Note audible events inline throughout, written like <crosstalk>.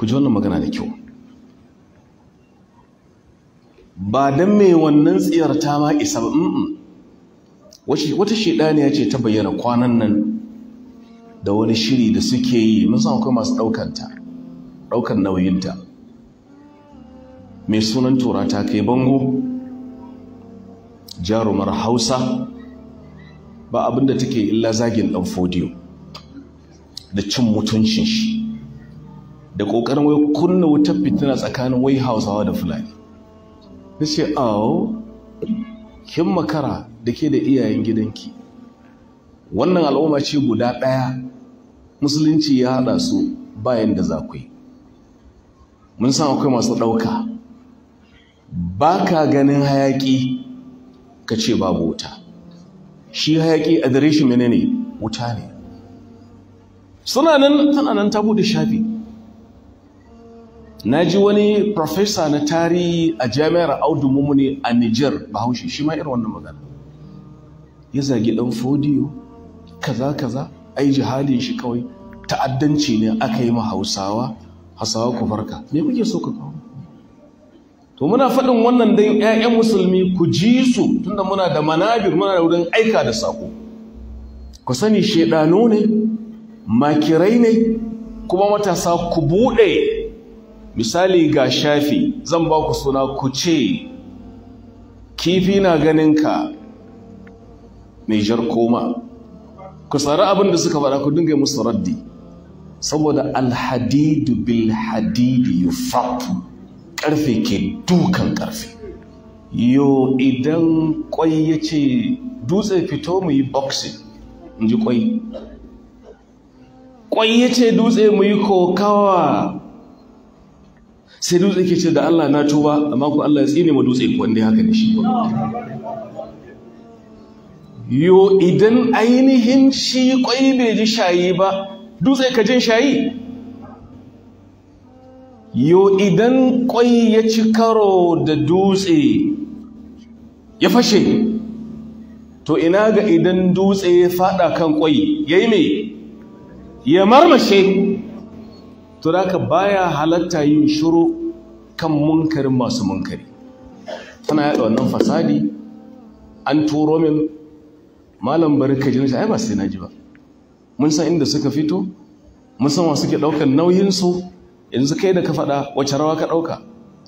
ku ji wannan magana da kyau ba don mai wannan tsiyar ta ma isa ba wata ya ce ta bayyana kwanan nan da wani shiri da suke yi musamman san akwai masu ɗaukanta ɗaukan nauyinta mai sunan tura ta kai bango jarumar hausa ba abinda take illa zagin ɗan fodiyo da cin mutuncin shi da ƙoƙarin wai kunna wutar fitina tsakanin wai hausawa da fulani na ce awo kin makara da ke da iyayen gidanki wannan al'umma ce guda ɗaya musulunci ya haɗa su bayan da zakwai mun san akwai masu ɗauka ba ka ganin hayaƙi ka ce babu wuta shi hayaƙi adireshi mene ne wuta ne suna nan tana nan ta buɗe shafi na ji wani profesa na tarihi a jami'ar audu mummuni a niger bahaushe shi ma irin wannan magana ya zagi dan fodiyo kaza kaza ai jihalin shi kawai ta'addanci ne aka yi ma hausawa hausawa ku farka me kuke so ka kawo to muna faɗin wannan dai 'ya'yan musulmi ku ji su tunda muna da manabir muna da wurin aika da sako ku sani shedano ne makirai ne kuma matasa ku buɗe misali ga shafi zan ba ku suna ku ce kifi na ganin ka mai jar koma ku tsara abin da suka faɗa ku dinga musu raddi saboda alhadidu bil hadidi yufatu ƙarfe ke dukan ƙarfe yo idan kwai ya ce dutse fito mu yi boxing in ji kwai kwai ya ce dutse mu yi kokawa sai dutse yake ce da Allah na tuba amma ku Allah ya tsine ma dutse wanda ya haka da shi yo idan ainihin shi kwai bai ji shayi ba dutse ka jin shayi yo idan kwai ya ci karo da dutse ya fashe to ina ga idan dutse ya fada kan kwai yayi me ya marmashe to da baya halatta yin shiru kan munkarin masu munkari tana yaɗa wannan fasadi an turo min malam barka jini ai ba sai na ji ba mun san inda suka fito mun san wa suke ɗaukar nauyinsu yanzu kai da ka faɗa wace rawa ka ɗauka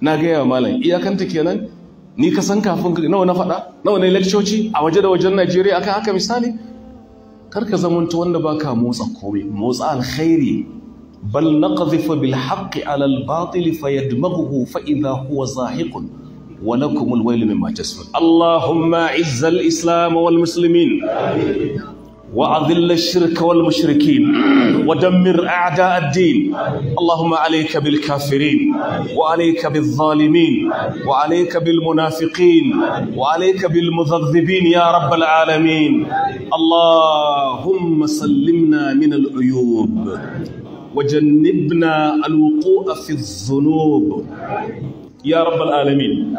na gaya wa malam iyakanta kenan ni ka san kafin nawa na faɗa nawa na lakcoci a waje da wajen najeriya akan haka misali kar ka zamanto wanda baka motsa komai motsa alkhairi بل نقذف بالحق على الباطل فيدمغه فإذا هو زاهق ولكم الويل مما تسفل اللهم عز الإسلام والمسلمين وأذل الشرك والمشركين ودمر أعداء الدين اللهم عليك بالكافرين وعليك بالظالمين وعليك بالمنافقين وعليك بالمذذبين يا رب العالمين اللهم سلمنا من العيوب وجنبنا الوقوع في الذنوب يا رب العالمين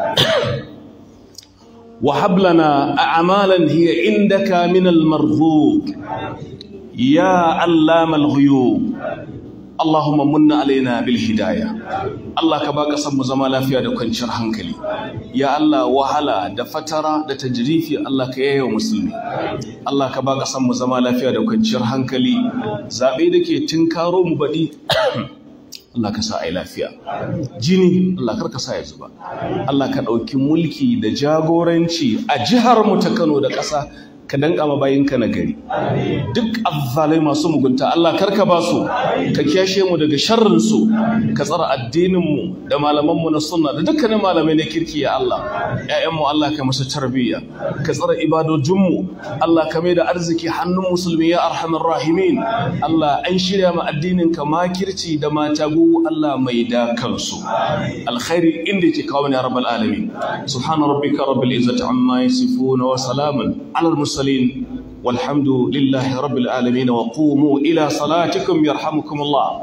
وهب لنا أعمالا هي عندك من المرغوب يا علام الغيوب Allahumma munna alaina bil hidaya Allah ka ba san mu zama lafiya da kwanciyar hankali ya Allah wahala da fatara da tajrifi Allah ka yaye musulmi Allah ka ba san mu zama lafiya da kwanciyar hankali zabe dake tinkaro mu baɗi <coughs> Allah ka sa a lafiya. Jini, Allah kar ka sa ya zuba. Allah ka ɗauki mulki da jagoranci a jihar mu ta Kano da ƙasa ka danka ma bayinka na gari duk azzalai masu mugunta Allah karka ba su ka kiyashe mu daga sharrin su ka tsara addinin mu da malaman na sunna da dukkanin malamai na kirki ya Allah ƴaƴan mu Allah ka masa tarbiyya ka tsara ibadojin Allah ka mai da arziki hannun musulmi ya arhamar rahimin Allah an shirya ma addinin ka makirci da matagu Allah mai da kansu alkhairi inda yake kawo ne rabbal alamin subhana rabbika rabbil izzati amma yasifun wa salamun alal المرسلين والحمد لله رب العالمين وقوموا إلى صلاتكم يرحمكم الله